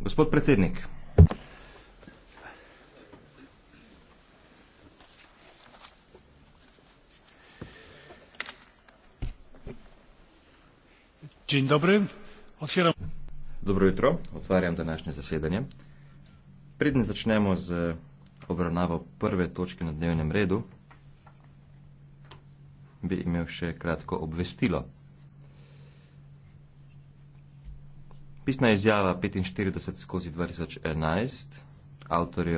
Gospod predsednik. Dzień dobry. Otvira... Dobro jutro, otvarjam današnje zasedanje. Predne začnemo z obravnavo prve točke na dnevnem redu, bi imel še kratko obvestilo. Pisna izjava 45 skozi 2011, avtor je